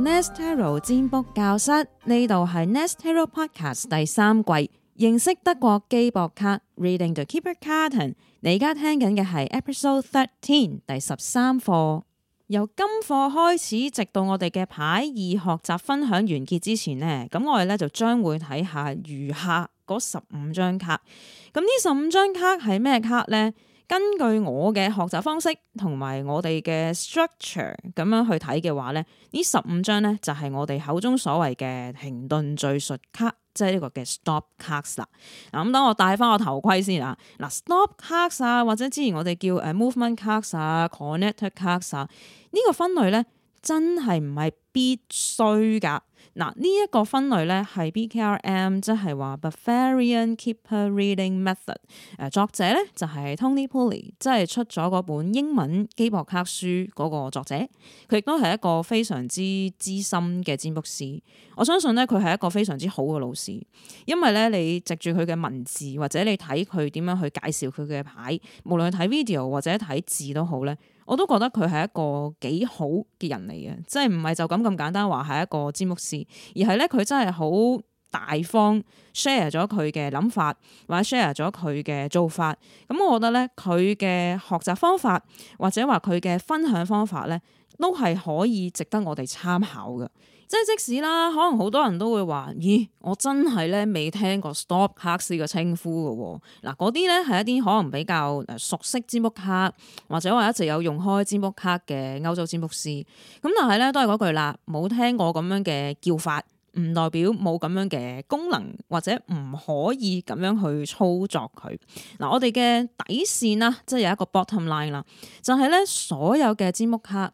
Nestero 占卜教室，呢度係 Nestero Podcast 第三季，認識德國基博卡 Reading the Keeper Carton。你而家聽緊嘅係 Episode Thirteen 第十三課，由今課開始，直到我哋嘅牌意學習分享完結之前呢，咁我哋咧就將會睇下餘下嗰十五張卡。咁呢十五張卡係咩卡呢？根據我嘅學習方式同埋我哋嘅 structure 咁樣去睇嘅話咧，呢十五張咧就係我哋口中所謂嘅停頓敘述卡，即係呢個嘅 stop cards 啦。嗱，咁等我戴翻個頭盔先啊，嗱，stop cards 啊，或者之前我哋叫誒 movement cards 啊、connector cards 啊，呢個分類咧真係唔係必須噶。嗱，呢一個分類咧係 BKRM，即係話 Bavarian Keeper Reading Method。作者咧就係 Tony Pooley，即係出咗嗰本英文基博卡書嗰個作者，佢亦都係一個非常之資深嘅占卜師。我相信咧佢係一個非常之好嘅老師，因為咧你籍住佢嘅文字或者你睇佢點樣去介紹佢嘅牌，無論睇 video 或者睇字都好咧。我都覺得佢係一個幾好嘅人嚟嘅，即係唔係就咁咁簡單話係一個占卜師，而係咧佢真係好大方 share 咗佢嘅諗法，或者 share 咗佢嘅做法。咁我覺得咧，佢嘅學習方法或者話佢嘅分享方法咧，都係可以值得我哋參考嘅。即係即使啦，可能好多人都會話：咦，我真係咧未聽過 stop 卡師嘅稱呼嘅喎。嗱，嗰啲咧係一啲可能比較熟悉占卜卡，或者話一直有用開占卜卡嘅歐洲占卜師。咁但係咧都係嗰句啦，冇聽過咁樣嘅叫法，唔代表冇咁樣嘅功能，或者唔可以咁樣去操作佢。嗱，我哋嘅底線啦，即係有一個 bottom line 啦，就係咧所有嘅占卜卡。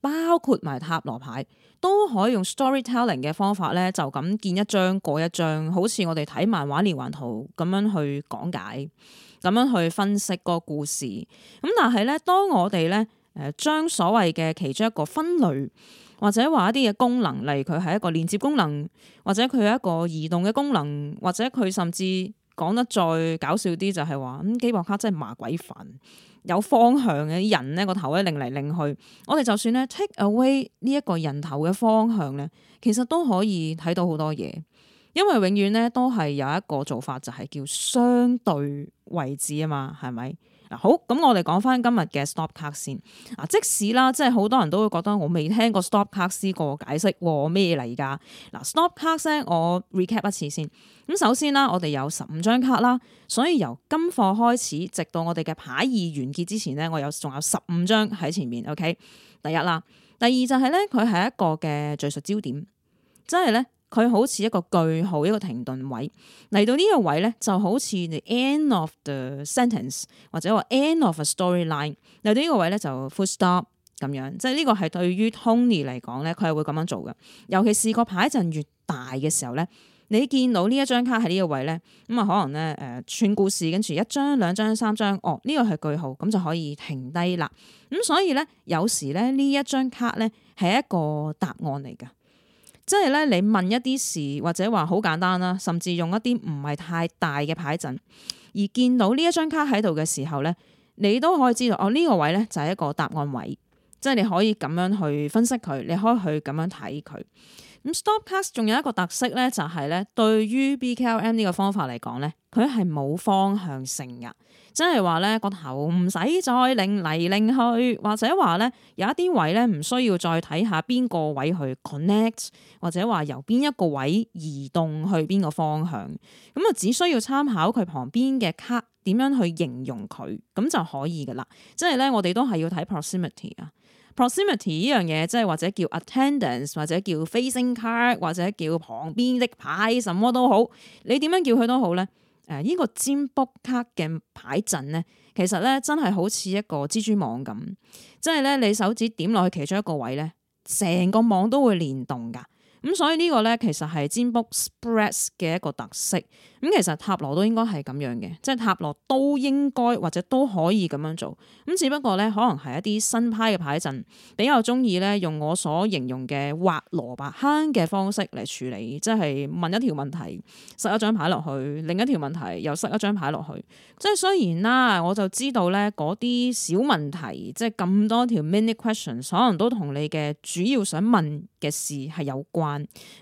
包括埋塔羅牌都可以用 storytelling 嘅方法咧，就咁見一張過一張，好似我哋睇漫畫連環圖咁樣去講解，咁樣去分析個故事。咁但係咧，當我哋咧誒，將所謂嘅其中一個分類或者話一啲嘅功能，例如佢係一個連接功能，或者佢係一個移動嘅功能，或者佢甚至講得再搞笑啲，就係話咁基博卡真係麻鬼煩。有方向嘅人咧，個頭咧擰嚟擰去，我哋就算咧 take away 呢一個人頭嘅方向咧，其實都可以睇到好多嘢，因為永遠咧都係有一個做法，就係、是、叫相對位置啊嘛，係咪？嗱，好，咁我哋講翻今日嘅 stop 卡先。嗱，即使啦，即係好多人都會覺得我未聽過 stop 卡，試過解釋咩嚟噶。嗱，stop 卡先我 recap 一次先。咁首先啦，我哋有十五張卡啦，所以由今課開始，直到我哋嘅牌二完結之前咧，我有仲有十五張喺前面。OK，第一啦，第二就係咧，佢係一個嘅敘述焦點，即係咧。佢好似一個句號，一個停頓位，嚟到呢個位咧，就好似你 end of the sentence 或者話 end of a storyline 嚟到呢個位咧，就 full stop 咁樣，即係呢個係對於 Tony 嚟講咧，佢係會咁樣做嘅。尤其是個牌陣越大嘅時候咧，你見到呢一張卡喺呢個位咧，咁啊可能咧誒、呃、串故事，跟住一張兩張三張哦，呢、呢個係句號，咁就可以停低啦。咁所以咧，有時咧呢一張卡咧係一個答案嚟㗎。即係咧，你問一啲事或者話好簡單啦，甚至用一啲唔係太大嘅牌陣，而見到呢一張卡喺度嘅時候呢，你都可以知道哦，呢個位呢就係一個答案位，即係你可以咁樣去分析佢，你可以去咁樣睇佢。咁 stop cast 仲有一個特色咧，就係、是、咧對於 BKLM 呢個方法嚟講咧，佢係冇方向性嘅，即係話咧個頭唔使再拎嚟拎去，或者話咧有一啲位咧唔需要再睇下邊個位去 connect，或者話由邊一個位移動去邊個方向，咁、嗯、就只需要參考佢旁邊嘅 card 點樣去形容佢，咁就可以噶啦。即係咧我哋都係要睇 proximity 啊。Proximity 呢樣嘢，即係或者叫 attendance，或者叫 facing card，或者叫旁邊的牌，什麼都好，你點樣叫佢都好咧。誒、呃，呢、這個占卜卡嘅牌陣咧，其實咧真係好似一個蜘蛛網咁，即係咧你手指點落去其中一個位咧，成個網都會連動㗎。咁所以呢個咧，其實係占卜 spreads 嘅一個特色。咁其實塔羅都應該係咁樣嘅，即係塔羅都應該或者都可以咁樣做。咁只不過咧，可能係一啲新派嘅牌陣比較鍾意咧，用我所形容嘅挖蘿蔔坑嘅方式嚟處理，即係問一條問題，塞一張牌落去；另一條問題又塞一張牌落去。即係雖然啦，我就知道咧，嗰啲小問題，即係咁多條 mini question，可能都同你嘅主要想問嘅事係有關。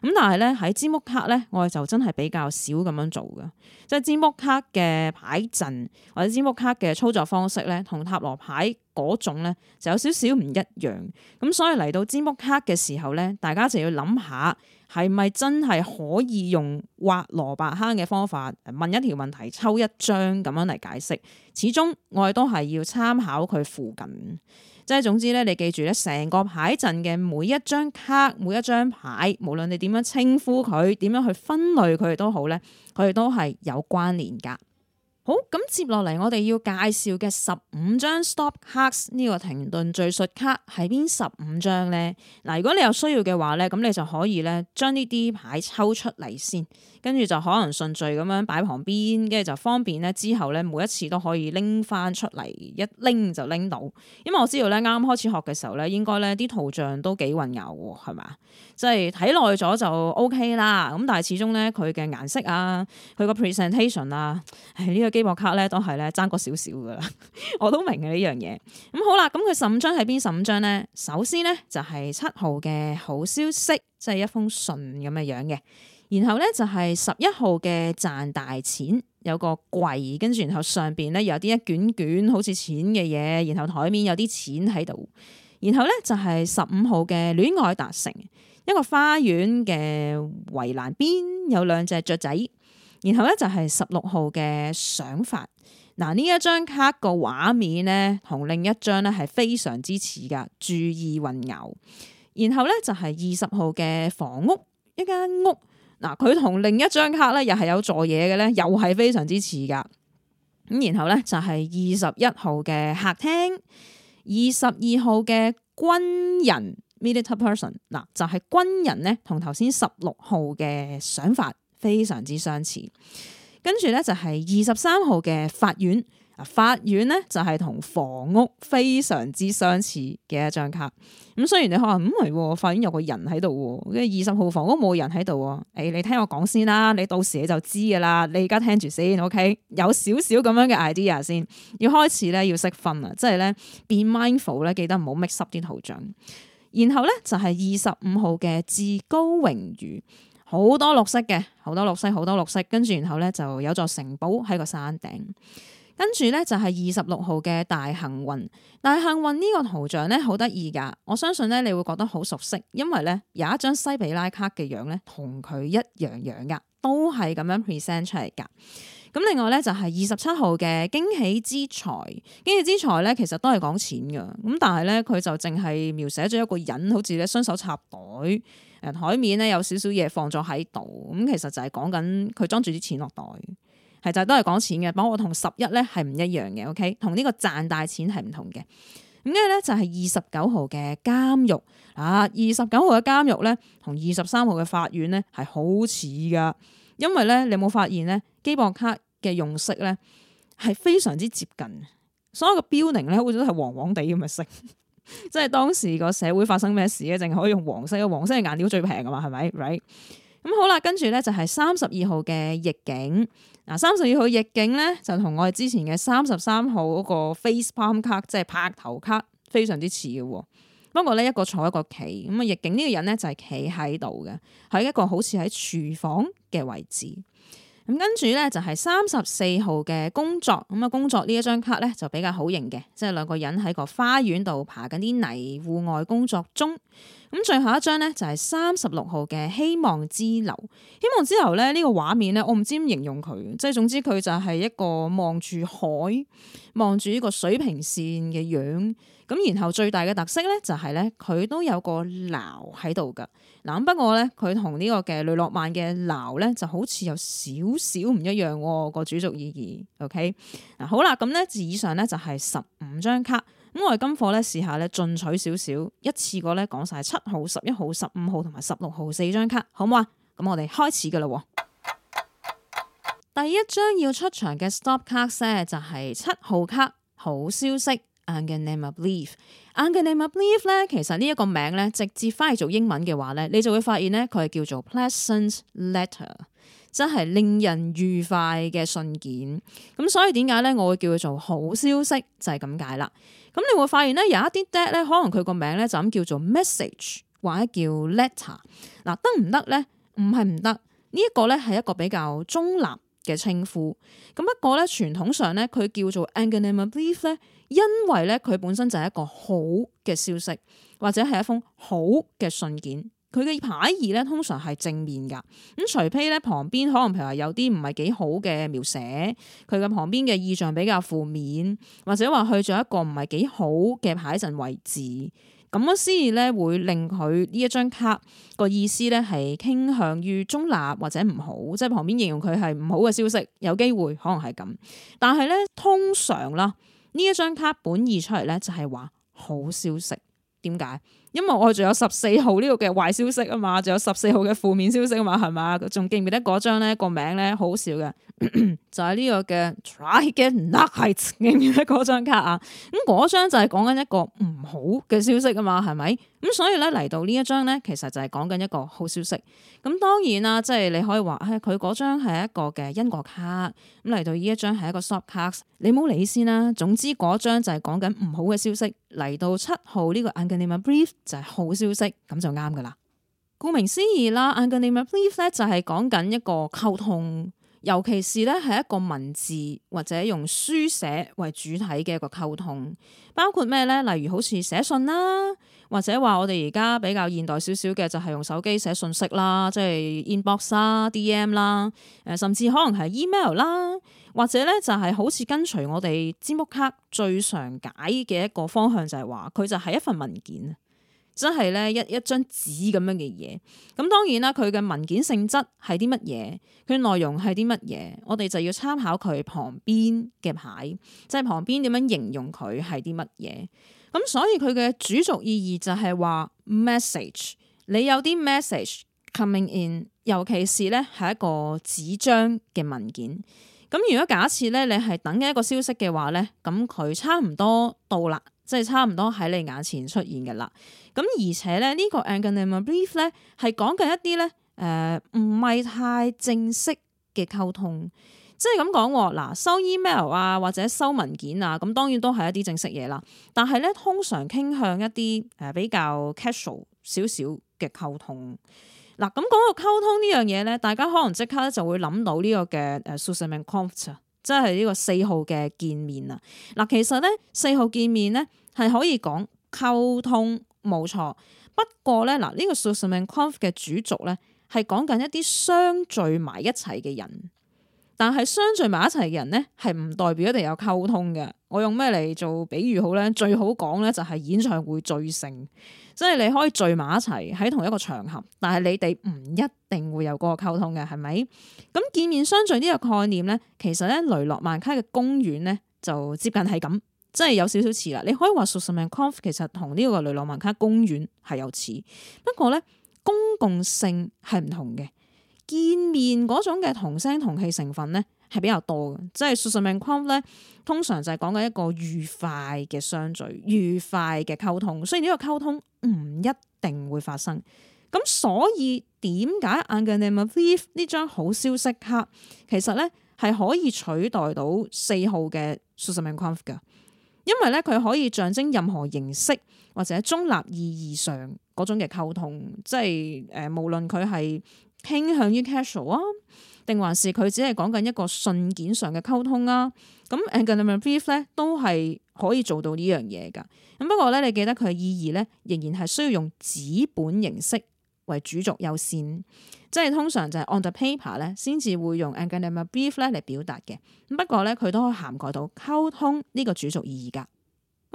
咁但係咧，喺紙撲卡咧，我哋就真係比較少咁樣做噶。即係紙撲卡嘅牌陣或者紙撲卡嘅操作方式咧，同塔羅牌嗰種咧就有少少唔一樣。咁所以嚟到紙撲卡嘅時候咧，大家就要諗下係咪真係可以用挖蘿蔔坑嘅方法問一條問題，抽一張咁樣嚟解釋。始終我哋都係要參考佢附近。即係總之咧，你記住咧，成個牌陣嘅每一張卡、每一張牌，無論你點樣稱呼佢、點樣去分類佢都好咧，佢哋都係有關聯噶。好，咁接落嚟我哋要介紹嘅十五張 stop cards 呢個停頓敘述卡係邊十五張咧？嗱，如果你有需要嘅話咧，咁你就可以咧將呢啲牌抽出嚟先。跟住就可能順序咁樣擺旁邊，跟住就方便咧。之後咧，每一次都可以拎翻出嚟，一拎就拎到。因為我知道咧，啱啱開始學嘅時候咧，應該咧啲圖像都幾混淆，係咪？即係睇耐咗就，是、就 O、OK、K 啦。咁但係始終咧，佢嘅顏色啊，佢個 presentation 啊，唉、這個，呢個機博卡咧都係咧爭過少少噶啦。 我都明嘅呢樣嘢。咁、嗯、好啦，咁佢十五張係邊十五張咧？首先咧就係、是、七號嘅好消息，即、就、係、是、一封信咁嘅樣嘅。然後咧就係十一號嘅賺大錢，有個櫃，跟住然後上面咧有啲一卷卷好似錢嘅嘢，然後台面有啲錢喺度。然後咧就係十五號嘅戀愛達成，一個花園嘅圍欄邊有兩隻雀仔。然後咧就係十六號嘅想法。嗱，呢一張卡個畫面咧同另一張咧係非常之似噶，注意混淆。然後咧就係二十號嘅房屋，一間屋。嗱，佢同另一張卡咧，又係有坐嘢嘅咧，又係非常之似㗎。咁然後咧就係二十一號嘅客廳，二十二號嘅軍人 （military person），嗱就係軍人咧，同頭先十六號嘅想法非常之相似。跟住咧就係二十三號嘅法院。法院咧就係同房屋非常之相似嘅一張卡。咁雖然你可能唔係，法院有個人喺度，跟住二十號房屋冇人喺度。誒、欸，你聽我講先啦，你到時你就知噶啦。你而家聽住先，OK？有少少咁樣嘅 idea 先，要開始咧，要識分啊，即係咧 be mindful 咧，記得唔好 mix 啲圖像。然後咧就係二十五號嘅至高榮譽，好多綠色嘅，好多綠色，好多綠色，跟住然後咧就有座城堡喺個山頂。跟住咧就係二十六號嘅大幸運，大幸運呢個圖像咧好得意噶，我相信咧你會覺得好熟悉，因為咧有一張西比拉卡嘅樣咧同佢一樣樣噶，都係咁樣 present 出嚟噶。咁另外咧就係二十七號嘅驚喜之財，驚喜之財咧其實都係講錢噶，咁但係咧佢就淨係描寫咗一個人，好似咧雙手插袋，誒，台面咧有少少嘢放咗喺度，咁其實就係講緊佢裝住啲錢落袋。係就係，都係講錢嘅，咁我同十一咧係唔一樣嘅，OK？同呢個賺大錢係唔同嘅。咁跟住咧就係二十九號嘅監獄啊，二十九號嘅監獄咧，同二十三號嘅法院咧係好似噶，因為咧、啊、你有冇發現咧基博卡嘅用色咧係非常之接近，所有嘅標名咧，好似都係黃黃地咁嘅色， 即係當時個社會發生咩事咧，淨係可以用黃色嘅，黃色嘅顏料最平㗎嘛，係咪？Right？咁、嗯、好啦，跟住咧就係三十二號嘅逆境。嗱，三十二號逆境咧，就同我哋之前嘅三十三號嗰個 face palm 卡，即係拍頭卡，非常之似嘅。不過咧，一個坐一個企，咁啊，逆境呢個人咧就係企喺度嘅，喺一個好似喺廚房嘅位置。咁跟住咧就係三十四號嘅工作，咁啊工作呢一張卡咧就比較好型嘅，即係兩個人喺個花園度爬緊啲泥，戶外工作中。咁最後一張咧就係三十六號嘅希望之流，希望之流咧呢個畫面咧我唔知點形容佢，即係總之佢就係一個望住海、望住呢個水平線嘅樣。咁然後最大嘅特色咧就係咧佢都有個樓喺度噶。不過咧，佢同呢個嘅雷諾曼嘅鬧咧，就好似有少少唔一樣個、哦、主族意義。OK，嗱好啦，咁咧，至以上咧就係十五張卡。咁我哋今課咧試下咧，進取少少，一次過咧講晒七號、十一號、十五號同埋十六號四張卡，好唔好啊？咁我哋開始噶啦。第一張要出場嘅 stop 卡咧，就係七號卡，好消息。Anger Name of l e a v e a n g Name Up Leave 咧，believe, 其實呢一個名咧，直接翻去做英文嘅話咧，你就會發現咧，佢係叫做 Pleasant Letter，真係令人愉快嘅信件。咁所以點解咧，我會叫佢做好消息就係咁解啦。咁你會發現咧，有一啲 a 爹咧，可能佢個名咧就咁叫做 Message 或者叫 Letter，嗱得唔得咧？唔係唔得，呢一、這個咧係一個比較中立。嘅稱呼，咁一個咧傳統上咧，佢叫做 angry name belief 咧，因為咧佢本身就係一個好嘅消息，或者係一封好嘅信件，佢嘅牌意咧通常係正面噶，咁除非咧旁邊可能譬如話有啲唔係幾好嘅描寫，佢嘅旁邊嘅意象比較負面，或者話去咗一個唔係幾好嘅牌陣位置。咁樣先至咧會令佢呢一張卡個意思咧係傾向於中立或者唔好，即係旁邊形容佢係唔好嘅消息，有機會可能係咁。但係咧通常啦，呢一張卡本意出嚟咧就係話好消息，點解？因為我仲有十四號呢度嘅壞消息啊嘛，仲有十四號嘅負面消息啊嘛，係咪？仲記唔記得嗰張咧個名咧好笑嘅？咳咳就係、是、呢個嘅 Try get n Nights 嘅嗰張卡啊，咁嗰張就係講緊一個唔好嘅消息啊嘛，係咪？咁所以咧嚟到呢一張咧，其實就係講緊一個好消息。咁當然啦，即、就、係、是、你可以話，誒，佢嗰張係一個嘅因果卡，咁嚟到呢一張係一個 soft 卡，你唔好理先啦。總之嗰張就係講緊唔好嘅消息，嚟到七號呢個 Anger n a Brief 就係好消息，咁就啱噶啦。顧名思義啦，Anger n a Brief 咧就係講緊一個溝通。尤其是咧，係一個文字或者用書寫為主體嘅一個溝通，包括咩咧？例如好似寫信啦，或者話我哋而家比較現代少少嘅就係用手機寫信息啦，即係 inbox 啦、D.M. 啦，誒，甚至可能係 email 啦，或者咧就係好似跟隨我哋占卜卡最常解嘅一個方向，就係話佢就係一份文件。真係咧一一張紙咁樣嘅嘢，咁當然啦，佢嘅文件性質係啲乜嘢，佢內容係啲乜嘢，我哋就要參考佢旁邊嘅牌，即係旁邊點樣形容佢係啲乜嘢。咁所以佢嘅主軸意義就係話 message，你有啲 message coming in，尤其是咧係一個紙張嘅文件。咁如果假設咧你係等緊一個消息嘅話咧，咁佢差唔多到啦。即係差唔多喺你眼前出現嘅啦，咁而且咧呢、呢個 engagement brief 咧係講緊一啲咧誒唔係太正式嘅溝通，即係咁講喎嗱，收 email 啊或者收文件啊，咁當然都係一啲正式嘢啦，但係咧通常傾向一啲誒、呃、比較 casual 少少嘅溝通。嗱咁講到溝通呢樣嘢咧，大家可能即刻就會諗到呢、呢個嘅、呃、s 即係呢個四號嘅見面啊！嗱，其實咧四號見面咧係可以講溝通冇錯，不過咧嗱呢個 souls and conf 嘅主軸咧係講緊一啲相聚埋一齊嘅人。但係相聚埋一齊嘅人咧，係唔代表一定有溝通嘅。我用咩嚟做比喻好咧？最好講咧就係演唱會聚成，即係你可以聚埋一齊喺同一個場合，但係你哋唔一定會有嗰個溝通嘅，係咪？咁見面相聚呢個概念咧，其實咧雷諾曼卡嘅公園咧就接近係咁，即係有少少似啦。你可以話熟識名 conf 其實同呢個雷諾曼卡公園係有似，不過咧公共性係唔同嘅。見面嗰種嘅同聲同氣成分咧，係比較多嘅，即係 sufficient conf 咧，通常就係講緊一個愉快嘅相聚、愉快嘅溝通。所以呢個溝通唔一定會發生咁，所以點解 I guarantee a leaf 呢張好消息卡其實咧係可以取代到四號嘅 sufficient conf 噶，因為咧佢可以象徵任何形式或者中立意義上嗰種嘅溝通，即係誒、呃，無論佢係傾向於 casual 啊，定還是佢只係講緊一個信件上嘅溝通啊？咁 engagement brief 咧都係可以做到呢樣嘢噶。咁不過咧，你記得佢嘅意義咧，仍然係需要用紙本形式為主軸優先，即係通常就係 on the paper 咧先至會用 engagement brief 咧嚟表達嘅。不過咧，佢都可以涵蓋到溝通呢個主軸意義噶。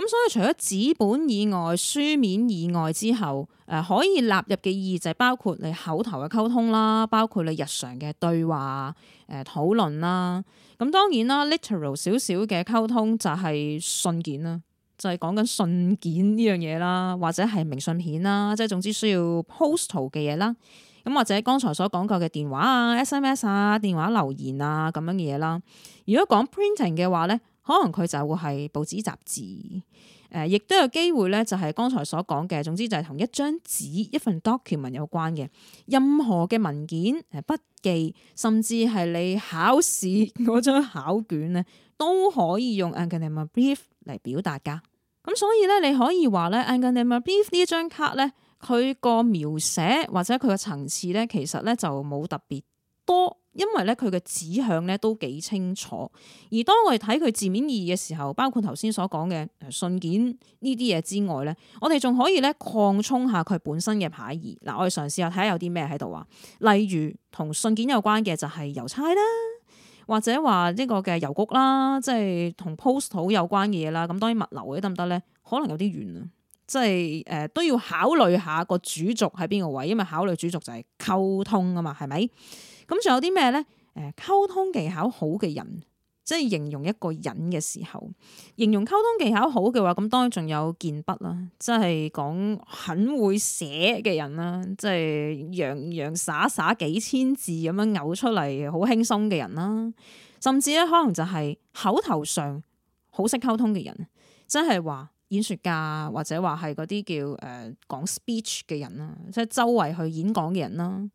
咁所以除咗紙本以外、書面以外之後，誒、呃、可以納入嘅意義就係包括你口頭嘅溝通啦，包括你日常嘅對話、誒、呃、討論啦。咁、啊、當然啦，literal 少少嘅溝通就係信件啦，就係講緊信件呢樣嘢啦，或者係明信片啦，即係總之需要 postal 嘅嘢啦。咁或者剛才所講過嘅電話啊、SMS 啊、電話留言啊咁樣嘅嘢啦。如果講 printing 嘅話咧。可能佢就會係報紙雜誌，誒，亦都有機會咧，就係剛才所講嘅，總之就係同一張紙、一份 document 有關嘅，任何嘅文件、誒筆記，甚至係你考試嗰張考卷咧，都可以用 engagement brief 嚟表達噶。咁所以咧，你可以話咧 engagement brief 呢一張卡咧，佢個描寫或者佢個層次咧，其實咧就冇特別多。因為咧佢嘅指向咧都幾清楚，而當我哋睇佢字面意義嘅時候，包括頭先所講嘅信件呢啲嘢之外咧，我哋仲可以咧擴充下佢本身嘅牌意。嗱，我哋嘗試下睇下有啲咩喺度啊，例如同信件有關嘅就係郵差啦，或者話呢個嘅郵局啦，即係同 post 好有關嘅嘢啦。咁當然物流嗰啲得唔得咧？可能有啲遠，即係誒、呃、都要考慮下個主軸喺邊個位，因為考慮主軸就係溝通啊嘛，係咪？咁仲有啲咩咧？誒，溝通技巧好嘅人，即係形容一個人嘅時候，形容溝通技巧好嘅話，咁當然仲有健筆啦，即係講很會寫嘅人啦，即係洋洋灑灑幾千字咁樣嘔出嚟好輕鬆嘅人啦，甚至咧可能就係口頭上好識溝通嘅人，即係話演說家或者話係嗰啲叫誒、呃、講 speech 嘅人啦，即係周圍去演講嘅人啦。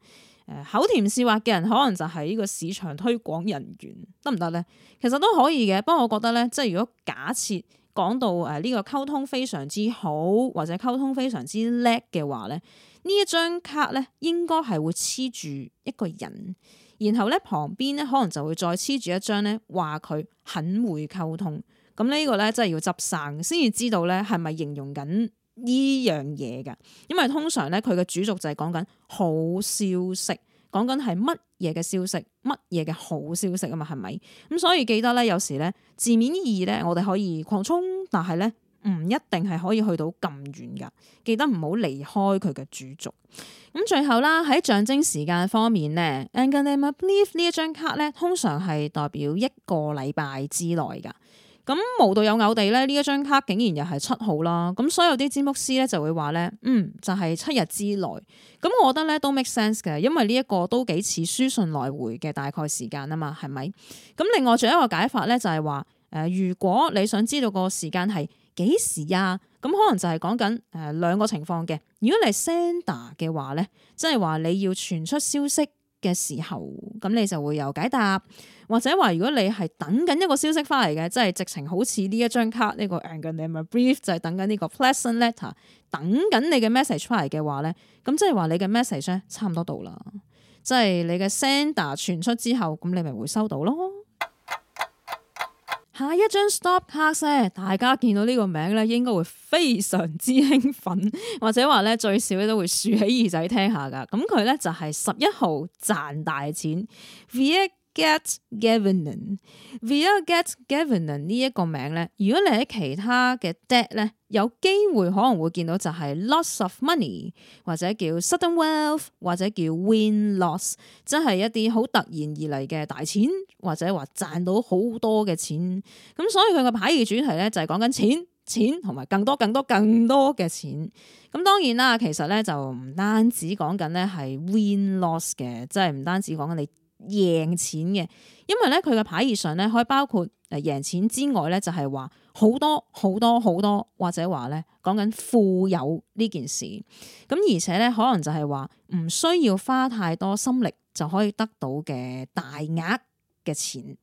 誒，口甜舌滑嘅人，可能就係呢個市場推廣人員，得唔得咧？其實都可以嘅，不過我覺得咧，即係如果假設講到誒呢個溝通非常之好，或者溝通非常之叻嘅話咧，呢一張卡咧應該係會黐住一個人，然後咧旁邊咧可能就會再黐住一張咧，話佢很會溝通，咁呢個咧真係要執生先至知道咧係咪形容緊。呢樣嘢噶因為通常咧佢嘅主軸就係講緊好消息，講緊係乜嘢嘅消息，乜嘢嘅好消息啊嘛，係咪？咁所以記得咧，有時咧字面意義咧，我哋可以擴充，但係咧唔一定係可以去到咁遠噶。記得唔好離開佢嘅主軸。咁最後啦，喺象徵時間方面咧，And I Believe 呢一張卡咧，通常係代表一個禮拜之內噶。咁無獨有偶噉咧，呢一張卡竟然又係七號啦。咁所有啲占卜師咧就會話咧，嗯，就係七日之內。咁我覺得咧都 make sense 嘅，因為呢一個都幾似書信來回嘅大概時間啊嘛，係咪？咁另外仲有一個解法咧，就係話誒，如果你想知道個時間係幾時啊，咁可能就係講緊誒兩個情況嘅。如果你 sender 嘅話咧，即係話你要傳出消息嘅時候，咁你就會有解答。或者話，如果你係等緊一個消息翻嚟嘅，即係直情好似呢一張卡呢、這個 anger name brief 就係、是、等緊呢、這個 pleasant letter，等緊你嘅 message 翻嚟嘅話咧，咁即係話你嘅 message 咧差唔多到啦，即係你嘅 sender 傳出之後，咁你咪會收到咯。下一張 stop 卡咧，大家見到呢個名咧，應該會非常之興奮，或者話咧最少咧都會豎起耳仔聽下噶。咁佢咧就係十一號賺大錢 v Get given via get given 呢一個名咧，如果你喺其他嘅 deck 咧，有機會可能會見到就係 loss of money 或者叫 sudden wealth 或者叫 win loss，即係一啲好突然而嚟嘅大錢或者話賺到好多嘅錢。咁所以佢個牌嘅主題咧就係講緊錢、錢同埋更多、更多、更多嘅錢。咁當然啦，其實咧就唔單止講緊咧係 win loss 嘅，即係唔單止講緊你。贏錢嘅，因為咧佢嘅牌意上咧可以包括誒贏錢之外咧就係話好多好多好多或者話咧講緊富有呢件事，咁而且咧可能就係話唔需要花太多心力就可以得到嘅大額嘅錢。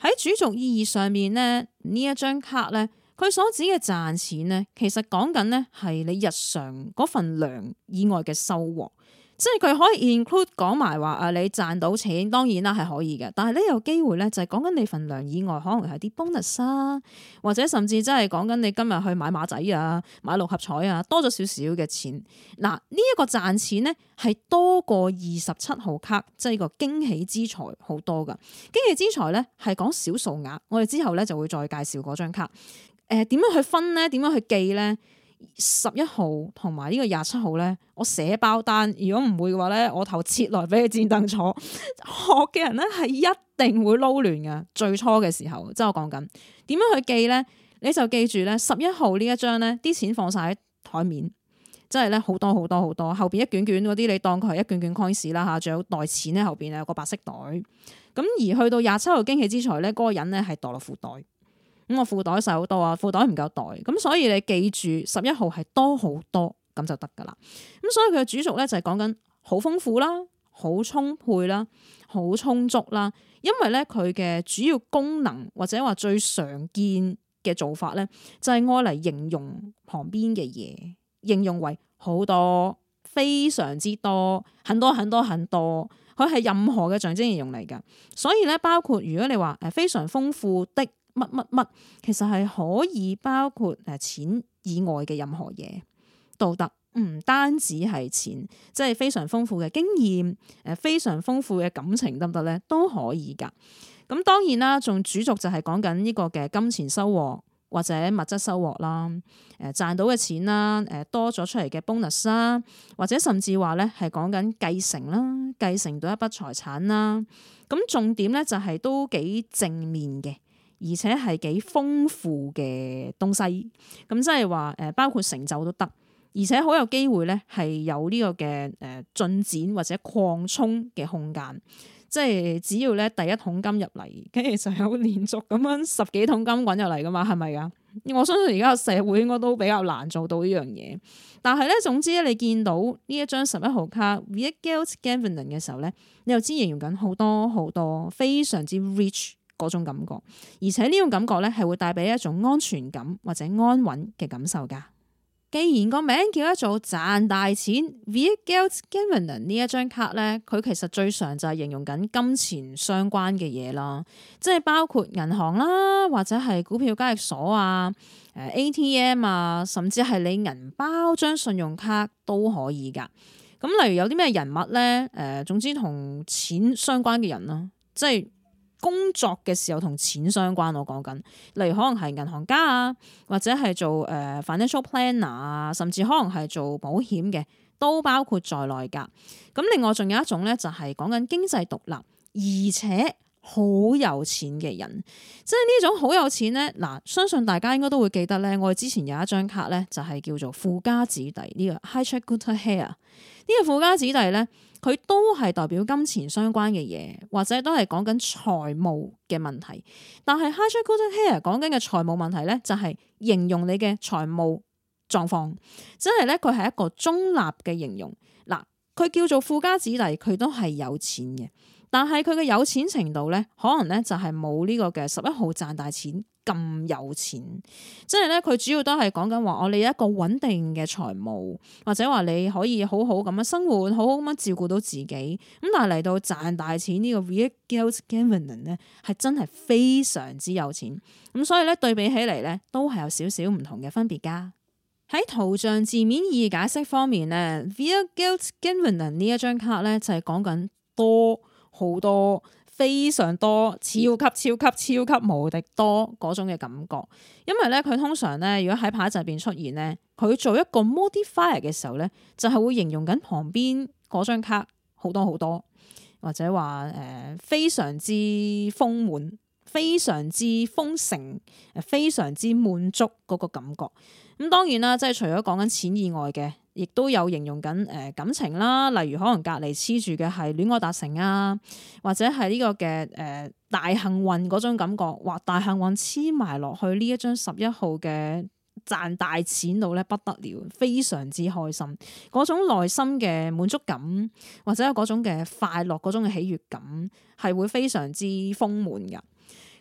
喺主軸意義上面咧呢一張卡咧，佢所指嘅賺錢咧，其實講緊咧係你日常嗰份糧以外嘅收穫。即係佢可以 include 講埋話，啊你賺到錢，當然啦係可以嘅。但係呢有機會咧，就係講緊你份糧以外，可能係啲 bonus 啊，或者甚至真係講緊你今日去買馬仔啊，買六合彩啊，多咗少少嘅錢。嗱呢一個賺錢咧係多過二十七號卡，即係呢個驚喜之財好多噶。驚喜之財咧係講少數額，我哋之後咧就會再介紹嗰張卡。誒、呃，點樣去分咧？點樣去記咧？十一號同埋呢個廿七號咧，我寫包單。如果唔會嘅話咧，我頭切來俾你站凳坐。學嘅人咧係一定會撈亂嘅。最初嘅時候，即係我講緊點樣去記咧，你就記住咧，十一號呢一張咧，啲錢放晒喺台面，即係咧好多好多好多。後邊一卷卷嗰啲，你當佢係一卷卷 coins 啦吓，仲有袋錢咧，後邊有個白色袋。咁而去到廿七號驚喜之際咧，嗰個人咧係墮落褲袋。咁我褲袋細好多啊，褲袋唔夠袋，咁所以你記住十一號係多好多咁就得噶啦。咁所以佢嘅主軸咧就係講緊好豐富啦、好充沛啦、好充足啦。因為咧佢嘅主要功能或者話最常見嘅做法咧，就係攞嚟形容旁邊嘅嘢，應用為好多、非常之多、很多很多很多。佢係任何嘅象徵形容嚟噶。所以咧，包括如果你話誒非常豐富的。乜乜乜，其實係可以包括誒錢以外嘅任何嘢，道德唔單止係錢，即係非常豐富嘅經驗，誒非常豐富嘅感情得唔得咧，都可以㗎。咁當然啦，仲主軸就係講緊呢個嘅金錢收穫或者物質收穫啦，誒賺到嘅錢啦，誒多咗出嚟嘅 bonus 啦，或者甚至話咧係講緊繼承啦，繼承到一筆財產啦。咁重點咧就係都幾正面嘅。而且係幾豐富嘅東西，咁即係話誒，包括成就都得，而且好有機會咧係有呢個嘅誒進展或者擴充嘅空間。即係只要咧第一桶金入嚟，跟住就有會連續咁樣十幾桶金滾入嚟噶嘛，係咪啊？我相信而家社會應該都比較難做到呢樣嘢。但係咧，總之你見到呢一張十一號卡 Wealth、mm hmm. Gathering 嘅時候咧，你又知形容緊好多好多非常之 rich。嗰種感覺，而且呢種感覺咧，係會帶俾一種安全感或者安穩嘅感受噶。既然個名叫一做賺大錢，wealth g a m i n e n 呢一張卡咧，佢其實最常就係形容緊金錢相關嘅嘢啦，即係包括銀行啦，或者係股票交易所啊，ATM 啊，甚至係你銀包、張信用卡都可以噶。咁例如有啲咩人物咧，誒，總之同錢相關嘅人囉，即係。工作嘅時候同錢相關，我講緊，例如可能係銀行家啊，或者係做誒、呃、financial planner 啊，甚至可能係做保險嘅，都包括在內噶。咁另外仲有一種咧，就係講緊經濟獨立而且好有錢嘅人，即係呢種好有錢咧。嗱，相信大家應該都會記得咧，我哋之前有一張卡咧，就係叫做富家子弟呢個 high check good hair，呢個富家子弟咧。佢都係代表金錢相關嘅嘢，或者都係講緊財務嘅問題。但係 Hajjood h e i r 講緊嘅財務問題咧，就係形容你嘅財務狀況，即係咧佢係一個中立嘅形容。嗱，佢叫做富家子弟，佢都係有錢嘅，但係佢嘅有錢程度咧，可能咧就係冇呢個嘅十一號賺大錢。咁有錢，即係咧，佢主要都係講緊話，我哋有一個穩定嘅財務，或者話你可以好好咁樣生活，好好咁樣照顧到自己。咁但係嚟到賺大錢呢個 v i a l g i l d Geminan 咧，係真係非常之有錢。咁所以咧，對比起嚟咧，都係有少少唔同嘅分別㗎。喺圖像字面意解釋方面咧 v i a l g i l d Geminan 呢一張卡咧，就係講緊多好多。非常多，超級超級超級無敵多嗰種嘅感覺，因為咧佢通常咧，如果喺牌集入邊出現咧，佢做一個 modifier 嘅時候咧，就係、是、會形容緊旁邊嗰張卡好多好多，或者話誒、呃、非常之豐滿、非常之豐盛、誒非，非常之滿足嗰個感覺。咁當然啦，即係除咗講緊錢以外嘅。亦都有形容緊誒感情啦，例如可能隔離黐住嘅係戀愛達成啊，或者係呢個嘅誒、呃、大幸運嗰種感覺，哇！大幸運黐埋落去呢一張十一號嘅賺大錢度咧，不得了，非常之開心，嗰種內心嘅滿足感或者有嗰種嘅快樂、嗰種嘅喜悅感係會非常之豐滿㗎。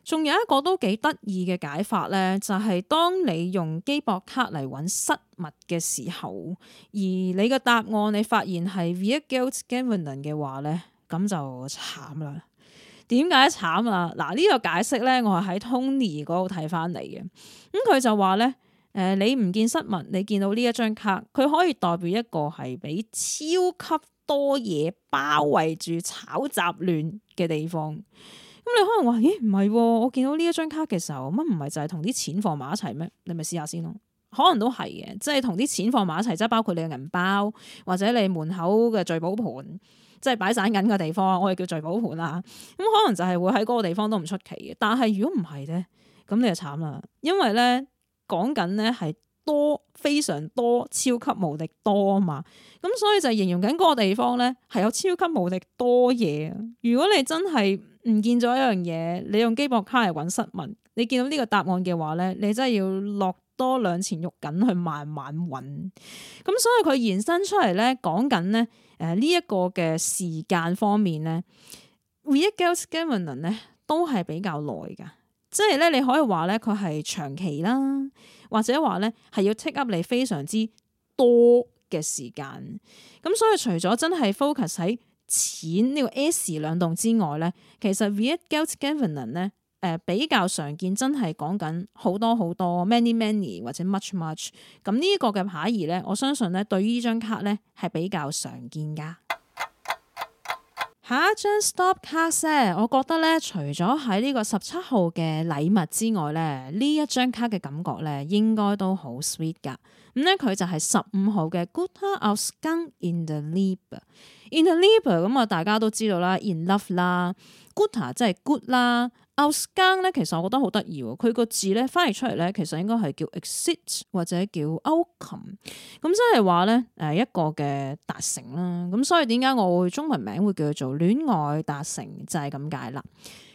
仲有一個都幾得意嘅解法咧，就係、是、當你用機博卡嚟揾失物嘅時候，而你嘅答案你發現係 Violet Geminan 嘅話咧，咁就慘啦。點解慘啊？嗱、這、呢個解釋咧，我係喺 Tony 嗰度睇翻嚟嘅。咁佢就話咧，誒、呃、你唔見失物，你見到呢一張卡，佢可以代表一個係俾超級多嘢包圍住、炒雜亂嘅地方。咁你可能話，咦，唔係喎？我見到呢一張卡嘅時候，乜唔係就係同啲錢放埋一齊咩？你咪試下先咯。可能都係嘅，即係同啲錢放埋一齊，即係包括你嘅銀包或者你門口嘅聚寶盆，即係擺散緊嘅地方，我哋叫聚寶盆啦。咁可能就係會喺嗰個地方都唔出奇嘅。但係如果唔係咧，咁你就慘啦，因為咧講緊咧係多非常多超級無敵多啊嘛。咁所以就形容緊嗰個地方咧係有超級無敵多嘢。如果你真係。唔見咗一樣嘢，你用機博卡嚟揾失文，你見到呢個答案嘅話咧，你真係要落多兩錢肉緊去慢慢揾。咁、嗯、所以佢延伸出嚟咧，講緊咧，誒呢一個嘅時間方面咧 regulation 咧都係比較耐㗎。即係咧，你可以話咧，佢係長期啦，或者話咧係要 take up 你非常之多嘅時間。咁、嗯、所以除咗真係 focus 喺淺呢個 S 兩棟之外咧，其實 Viet Gilt Governance 咧，誒、呃、比較常見，真係講緊好多好多 many many 或者 much much 咁、嗯這個、呢個嘅牌兒咧，我相信咧對於張呢張卡咧係比較常見噶。下一張 Stop 卡 set，我覺得咧除咗喺呢個十七號嘅禮物之外咧，呢一張卡嘅感覺咧應該都好 sweet 噶。咁咧佢就係十五號嘅 Good House Gun in the Leap。In a lover 咁啊，大家都知道啦。In love 啦 g o o d a 即係 good 啦。Ausgang 咧，其實我覺得好得意喎。佢個字咧翻譯出嚟咧，其實應該係叫 exit 或者叫 outcome。咁即係話咧，誒一個嘅達成啦。咁所以點解我會中文名會叫做戀愛達成，就係咁解啦。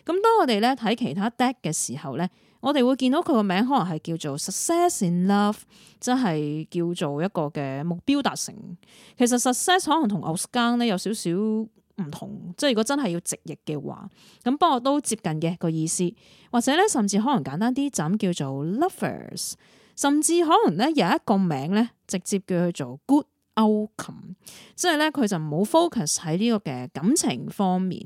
咁當我哋咧睇其他 deck 嘅時候咧。我哋會見到佢個名可能係叫做 Success in Love，即係叫做一個嘅目標達成。其實 Success 可能同 Oscar 呢有少少唔同，即係如果真係要直譯嘅話，咁不過都接近嘅個意思。或者呢，甚至可能簡單啲就叫做 Lovers，甚至可能呢，有一個名呢，直接叫佢做 Good。即係咧，佢就唔好 focus 喺呢個嘅感情方面。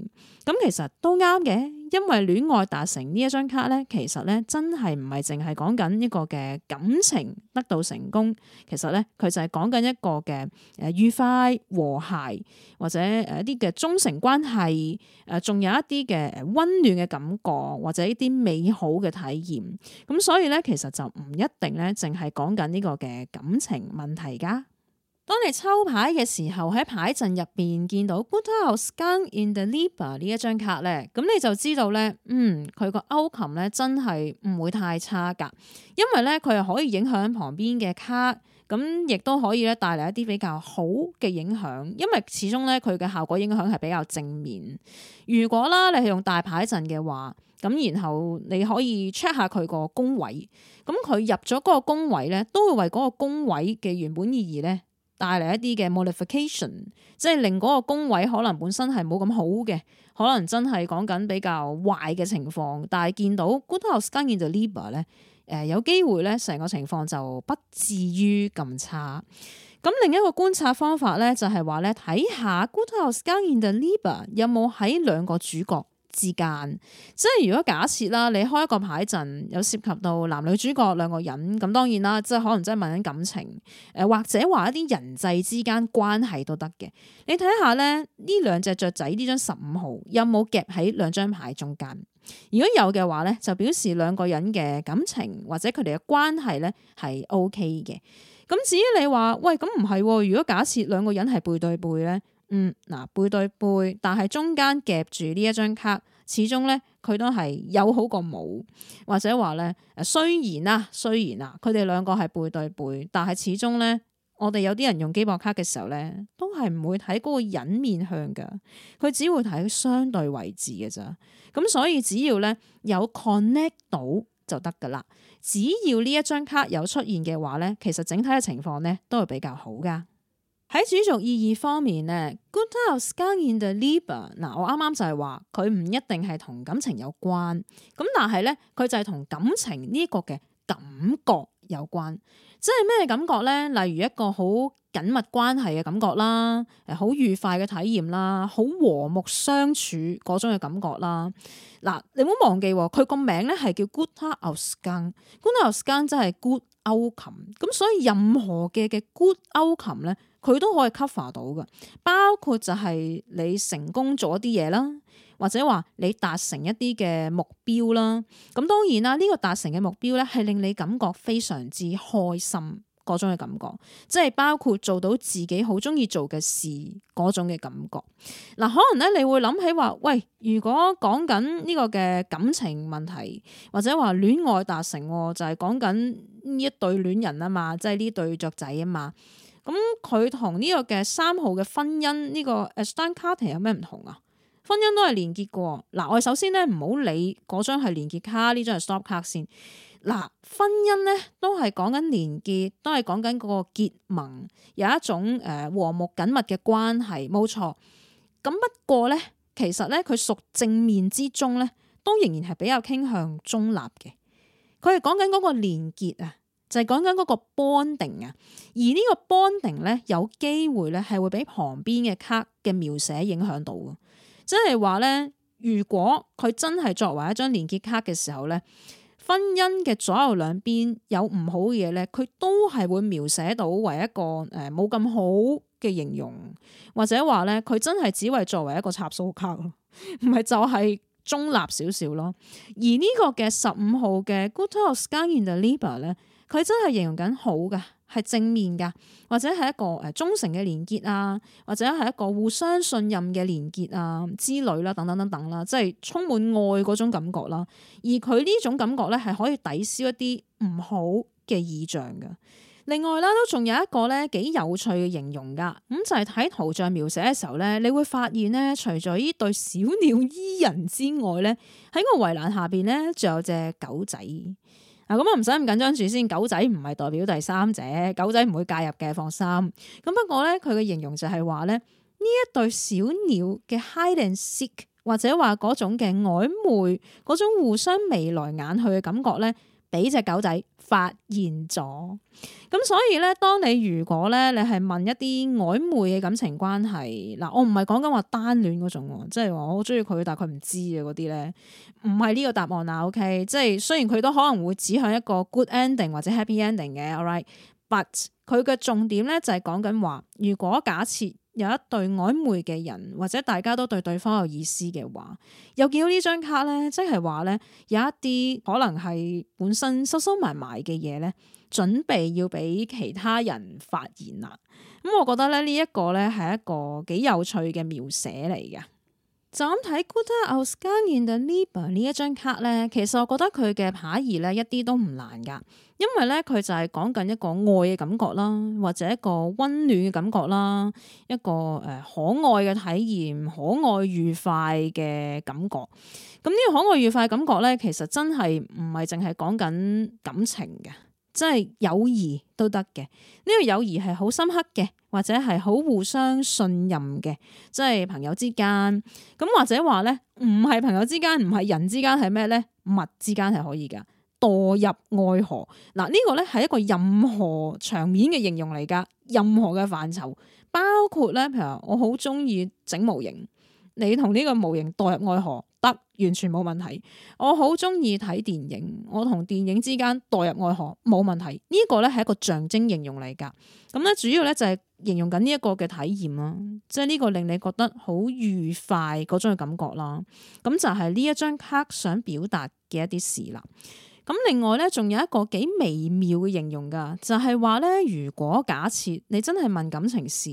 咁其實都啱嘅，因為戀愛達成呢一張卡咧，其實咧真係唔係淨係講緊呢個嘅感情得到成功。其實咧，佢就係講緊一個嘅誒愉快和諧，或者誒一啲嘅忠誠關係，誒仲有一啲嘅溫暖嘅感覺，或者一啲美好嘅體驗。咁所以咧，其實就唔一定咧，淨係講緊呢個嘅感情問題噶。當你抽牌嘅時候，喺牌陣入邊見到 Good House Gun in the Libra 呢一張卡咧，咁你就知道咧，嗯，佢個 outcome 咧真係唔會太差噶，因為咧佢係可以影響旁邊嘅卡，咁亦都可以咧帶嚟一啲比較好嘅影響，因為始終咧佢嘅效果影響係比較正面。如果啦，你係用大牌陣嘅話，咁然後你可以 check 下佢個宮位，咁佢入咗嗰個宮位咧，都會為嗰個宮位嘅原本意義咧。帶嚟一啲嘅 modification，即係令嗰個工位可能本身係冇咁好嘅，可能真係講緊比較壞嘅情況。但係見到 Good Housekeeping g 的 liber 咧、呃，誒有機會咧成個情況就不至於咁差。咁另一個觀察方法咧，就係話咧睇下 Good Housekeeping g 的 liber 有冇喺兩個主角之間，即係如果假設啦，你開一個牌陣，有涉及到男女主角兩個人，咁當然啦，即係可能真係問緊感情，誒、呃、或者話一啲人際之間關係都得嘅。你睇下咧，呢兩隻雀仔呢張十五號有冇夾喺兩張牌中間？如果有嘅話咧，就表示兩個人嘅感情或者佢哋嘅關係咧係 OK 嘅。咁至於你話喂，咁唔係？如果假設兩個人係背對背咧？嗯，嗱背對背，但係中間夾住呢一張卡，始終咧佢都係有好過冇，或者話咧，雖然啊雖然啊，佢哋兩個係背對背，但係始終咧，我哋有啲人用機博卡嘅時候咧，都係唔會睇嗰個人面向嘅，佢只會睇相對位置嘅咋。咁所以只要咧有 connect 到就得噶啦，只要呢一張卡有出現嘅話咧，其實整體嘅情況咧都係比較好噶。喺主軸意義方面咧，good house 跟 interliber 嗱，我啱啱就係話佢唔一定係同感情有關，咁但係咧佢就係同感情呢個嘅感覺有關，即係咩感覺咧？例如一個好緊密關係嘅感覺啦，誒好愉快嘅體驗啦，好和睦相處嗰種嘅感覺啦。嗱，你唔好忘記喎，佢個名咧係叫 good house 跟 good house 跟即係 good。歐琴咁，come, 所以任何嘅嘅 good 歐琴咧，佢都可以 cover 到㗎，包括就係你成功做一啲嘢啦，或者話你達成一啲嘅目標啦。咁當然啦，呢、這個達成嘅目標咧，係令你感覺非常之開心。嗰種嘅感覺，即係包括做到自己好中意做嘅事嗰種嘅感覺。嗱，可能咧你會諗起話，喂，如果講緊呢個嘅感情問題，或者話戀愛達成，就係講緊呢一對戀人啊嘛，即係呢對雀仔啊嘛。咁佢同呢個嘅三號嘅婚姻呢、呢個 extended card 有咩唔同啊？婚姻都係連結過。嗱，我哋首先咧唔好理嗰張係連結卡，呢張係 stop 卡先。嗱，婚姻咧都係講緊連結，都係講緊嗰個結盟，有一種誒、呃、和睦緊密嘅關係，冇錯。咁不過咧，其實咧佢屬正面之中咧，都仍然係比較傾向中立嘅。佢係講緊嗰個連結啊，就係講緊嗰個 bonding 啊。而個呢個 bonding 咧，有機會咧係會俾旁邊嘅卡嘅描寫影響到嘅。即係話咧，如果佢真係作為一張連結卡嘅時候咧。婚姻嘅左右兩邊有唔好嘅嘢咧，佢都係會描寫到為一個誒冇咁好嘅形容，或者話咧佢真係只為作為一個插數卡，唔係就係中立少少咯。而呢個嘅十五號嘅 Good House，當然就 Libra 咧，佢真係形容緊好㗎。係正面噶，或者係一個誒忠誠嘅連結啊，或者係一個互相信任嘅連結啊之類啦，等等等等啦，即係充滿愛嗰種感覺啦。而佢呢種感覺咧，係可以抵消一啲唔好嘅意象噶。另外啦，都仲有一個咧幾有趣嘅形容噶，咁就係、是、睇圖像描寫嘅時候咧，你會發現咧，除咗呢對小鳥依人之外咧，喺個圍欄下邊咧，仲有隻狗仔。咁啊，唔使咁緊張住先。狗仔唔係代表第三者，狗仔唔會介入嘅，放心。咁不過咧，佢嘅形容就係話咧，呢一對小鳥嘅 hide and seek，或者話嗰種嘅曖昧，嗰種互相眉來眼去嘅感覺咧。俾隻狗仔發現咗，咁所以咧，當你如果咧，你係問一啲曖昧嘅感情關係，嗱，我唔係講緊話單戀嗰種喎，即係話我好中意佢，但佢唔知嘅嗰啲咧，唔係呢個答案啊，OK，即係雖然佢都可能會指向一個 good ending 或者 happy ending 嘅，all right，but 佢嘅重點咧就係講緊話，如果假設。有一對曖昧嘅人，或者大家都對對方有意思嘅話，又見到呢張卡咧，即係話咧，有一啲可能係本身收收埋埋嘅嘢咧，準備要俾其他人發現啦。咁我覺得咧，呢一個咧係一個幾有趣嘅描寫嚟嘅。就咁睇 Good House Gang Neighbour 呢一張卡咧，其實我覺得佢嘅牌意咧一啲都唔難噶，因為咧佢就係講緊一個愛嘅感覺啦，或者一個溫暖嘅感覺啦，一個誒可愛嘅體驗，可愛愉快嘅感覺。咁呢個可愛愉快嘅感覺咧，其實真係唔係淨係講緊感情嘅，即係友誼都得嘅。呢個友誼係好深刻嘅。或者係好互相信任嘅，即係朋友之間。咁或者話咧，唔係朋友之間，唔係人之間，係咩咧？物之間係可以噶，墮入愛河。嗱，呢個咧係一個任何場面嘅形容嚟噶，任何嘅範疇，包括咧，譬如我好中意整模型。你同呢個模型代入愛河得完全冇問題，我好中意睇電影，我同電影之間代入愛河冇問題，呢個咧係一個象徵形容嚟噶，咁咧主要咧就係形容緊呢一個嘅體驗啦，即係呢個令你覺得好愉快嗰種嘅感覺啦，咁就係呢一張卡想表達嘅一啲事啦。咁另外咧，仲有一個幾微妙嘅形容噶，就係話咧，如果假設你真係問感情事，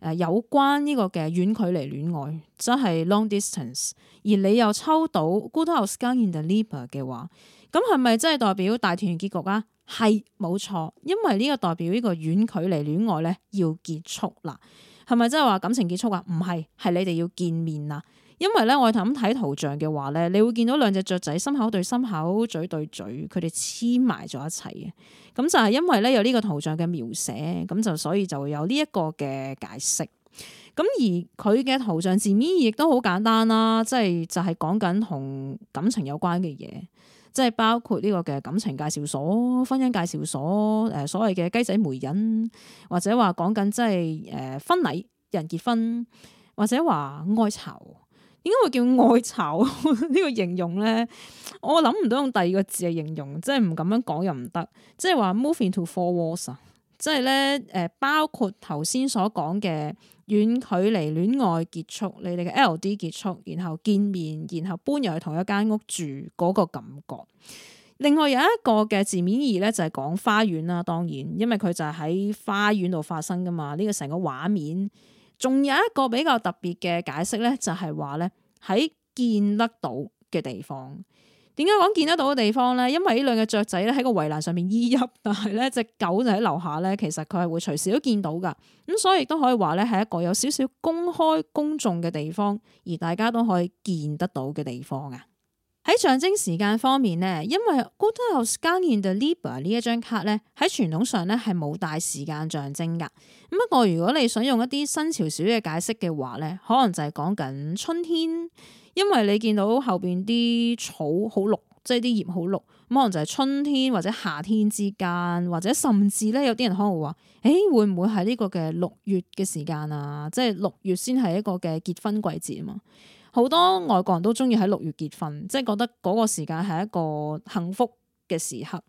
誒有關呢個嘅遠距離戀愛，即係 long distance，而你又抽到 good house gone in the river 嘅話，咁係咪真係代表大團圓結局啊？係冇錯，因為呢個代表呢個遠距離戀愛咧要結束啦，係咪真係話感情結束啊？唔係，係你哋要見面啦。因為咧，我哋睇圖像嘅話咧，你會見到兩隻雀仔心口對心口，嘴對嘴，佢哋黐埋咗一齊嘅。咁就係因為咧有呢個圖像嘅描寫，咁就所以就會有呢一個嘅解釋。咁而佢嘅圖像字面亦都好簡單啦，即係就係講緊同感情有關嘅嘢，即係包括呢個嘅感情介紹所、婚姻介紹所，誒所謂嘅雞仔媒人，或者話講緊即係誒婚禮人結婚，或者話愛巢。應該會叫愛巢呢 個形容咧，我諗唔到用第二個字嚟形容，即係唔咁樣講又唔得，即係話 move into four walls 啊！即係咧誒，包括頭先所講嘅遠距離戀愛結束，你哋嘅 L D 結束，然後見面，然後搬入去同一間屋住嗰個感覺。另外有一個嘅字面意義咧，就係講花園啦。當然，因為佢就係喺花園度發生噶嘛，呢、呢個成個畫面。仲有一個比較特別嘅解釋咧，就係話咧喺見得到嘅地方，點解講見得到嘅地方咧？因為呢兩隻雀仔咧喺個圍欄上面依泣，但係咧隻狗就喺樓下咧，其實佢係會隨時都見到㗎，咁所以亦都可以話咧係一個有少少公開、公眾嘅地方，而大家都可以見得到嘅地方啊。喺象徵時間方面呢，因為 Good House Gang in the Libra 呢一張卡咧，喺傳統上咧係冇帶時間象徵噶。咁啊，如果你想用一啲新潮少嘅解釋嘅話咧，可能就係講緊春天，因為你見到後邊啲草好綠，即係啲葉好綠，咁可能就係春天或者夏天之間，或者甚至咧有啲人可能會話，誒、欸，會唔會係呢個嘅六月嘅時間啊？即係六月先係一個嘅結婚季節啊嘛。好多外國人都中意喺六月結婚，即係覺得嗰個時間係一個幸福嘅時刻。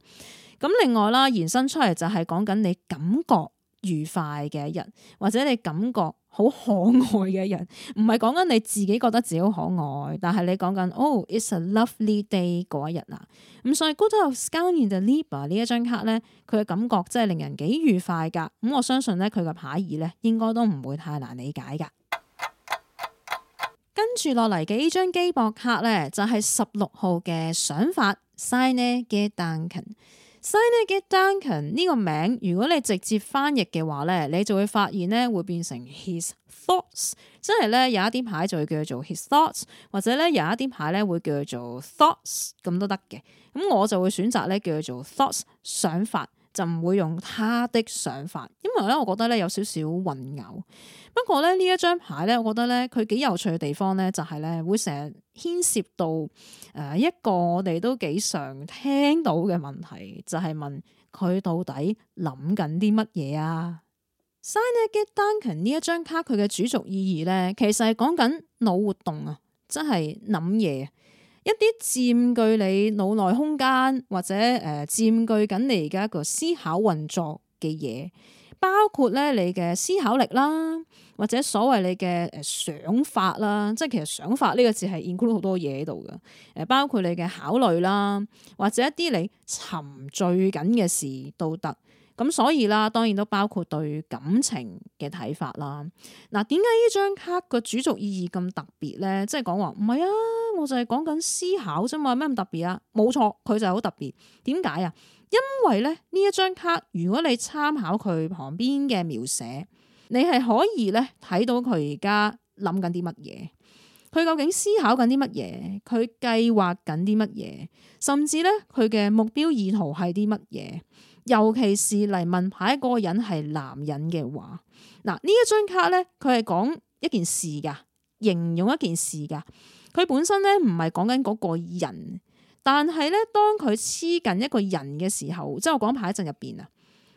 咁另外啦，延伸出嚟就係講緊你感覺愉快嘅一日，或者你感覺好可愛嘅人，唔係講緊你自己覺得自己好可愛，但係你講緊哦、oh, it's a lovely day 嗰一日啊。咁所以 good old sky and the Libra 呢一張卡咧，佢嘅感覺真係令人幾愉快噶。咁我相信咧，佢嘅牌意咧應該都唔會太難理解噶。跟住落嚟嘅呢張機博卡咧，就係十六號嘅想法。Signe 嘅 Duncan，Signe an 嘅 Duncan 呢個名，如果你直接翻譯嘅話咧，你就會發現咧會變成 his thoughts。即係咧有一啲牌就會叫做 his thoughts，或者咧有一啲牌咧會叫做 thoughts 咁都得嘅。咁我就會選擇咧叫做 thoughts 想法。就唔會用他的想法，因為咧，我覺得咧有少少混淆。不過咧，呢一張牌咧，我覺得咧佢幾有趣嘅地方咧，就係咧會成日牽涉到誒一個我哋都幾常聽到嘅問題，就係、是、問佢到底諗緊啲乜嘢啊？Significant thinking，呢一張卡佢嘅主軸意義咧，其實係講緊腦活動啊，即係諗嘢。一啲佔據你腦內空間或者誒佔據緊你而家一個思考運作嘅嘢，包括咧你嘅思考力啦，或者所謂你嘅誒想法啦，即係其實想法呢個字係 include 好多嘢喺度嘅，誒包括你嘅考慮啦，或者一啲你沉醉緊嘅事都得。咁所以啦，當然都包括對感情嘅睇法啦。嗱，點解呢張卡個主軸意義咁特別咧？即係講話唔係啊，我就係講緊思考啫嘛。有咩咁特別啊？冇錯，佢就好特別。點解啊？因為咧呢一張卡，如果你參考佢旁邊嘅描寫，你係可以咧睇到佢而家諗緊啲乜嘢，佢究竟思考緊啲乜嘢，佢計劃緊啲乜嘢，甚至咧佢嘅目標意圖係啲乜嘢。尤其是嚟問牌嗰個人係男人嘅話。嗱，呢一張卡咧，佢係講一件事噶，形容一件事噶，佢本身咧唔係講緊嗰個人，但係咧當佢黐近一個人嘅時候，即係我講牌一陣入邊啊，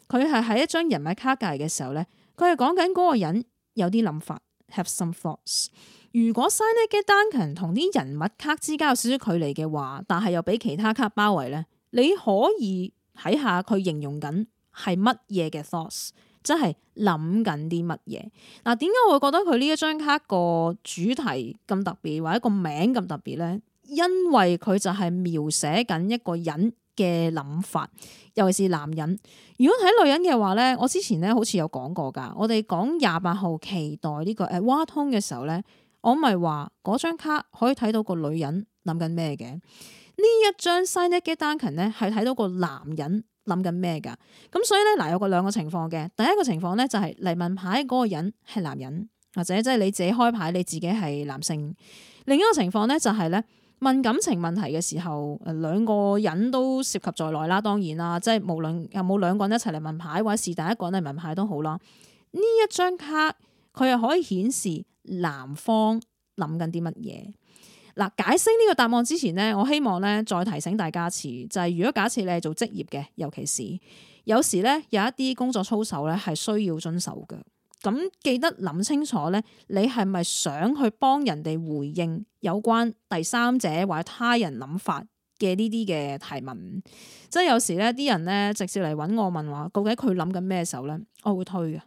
佢係喺一張人物卡隔離嘅時候咧，佢係講緊嗰個人有啲諗法，have some thoughts。如果 signet 嘅單群同啲人物卡之間有少少距離嘅話，但係又俾其他卡包圍咧，你可以。睇下佢形容緊係乜嘢嘅 thoughts，即係諗緊啲乜嘢。嗱，點解我會覺得佢呢一張卡個主題咁特別，或者個名咁特別咧？因為佢就係描寫緊一個人嘅諗法，尤其是男人。如果睇女人嘅話咧，我之前咧好似有講過噶，我哋講廿八號期待呢個誒通嘅時候咧，我咪話嗰張卡可以睇到個女人諗緊咩嘅。呢一張 signet g e Duncan 咧，係睇到個男人諗緊咩噶。咁所以咧，嗱有個兩個情況嘅。第一個情況咧，就係嚟問牌嗰個人係男人，或者即係你自己開牌你自己係男性。另一個情況咧，就是，就係咧問感情問題嘅時候，誒兩個人都涉及在內啦。當然啦，即係無論有冇兩個人一齊嚟問牌，或者是第一個人嚟問牌都好啦。呢一張卡佢又可以顯示男方諗緊啲乜嘢。嗱，解釋呢個答案之前呢，我希望呢再提醒大家一次，就係如果假設你係做職業嘅，尤其是有時呢有一啲工作操守呢係需要遵守嘅，咁記得諗清楚呢，你係咪想去幫人哋回應有關第三者或者他人諗法嘅呢啲嘅題問？即係有時呢啲人呢直接嚟揾我問話，究竟佢諗緊咩時候呢？我會推嘅。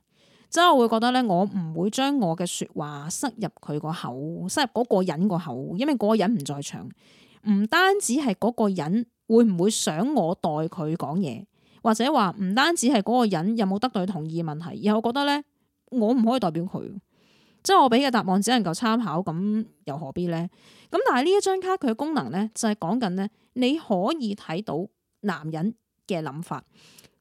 即係我會覺得咧，我唔會將我嘅說話塞入佢個口，塞入嗰個人個口，因為嗰個人唔在場。唔單止係嗰個人會唔會想我代佢講嘢，或者話唔單止係嗰個人有冇得到佢同意問題，而我覺得咧，我唔可以代表佢。即係我俾嘅答案只能夠參考，咁又何必咧？咁但係呢一張卡佢嘅功能咧，就係講緊咧，你可以睇到男人嘅諗法，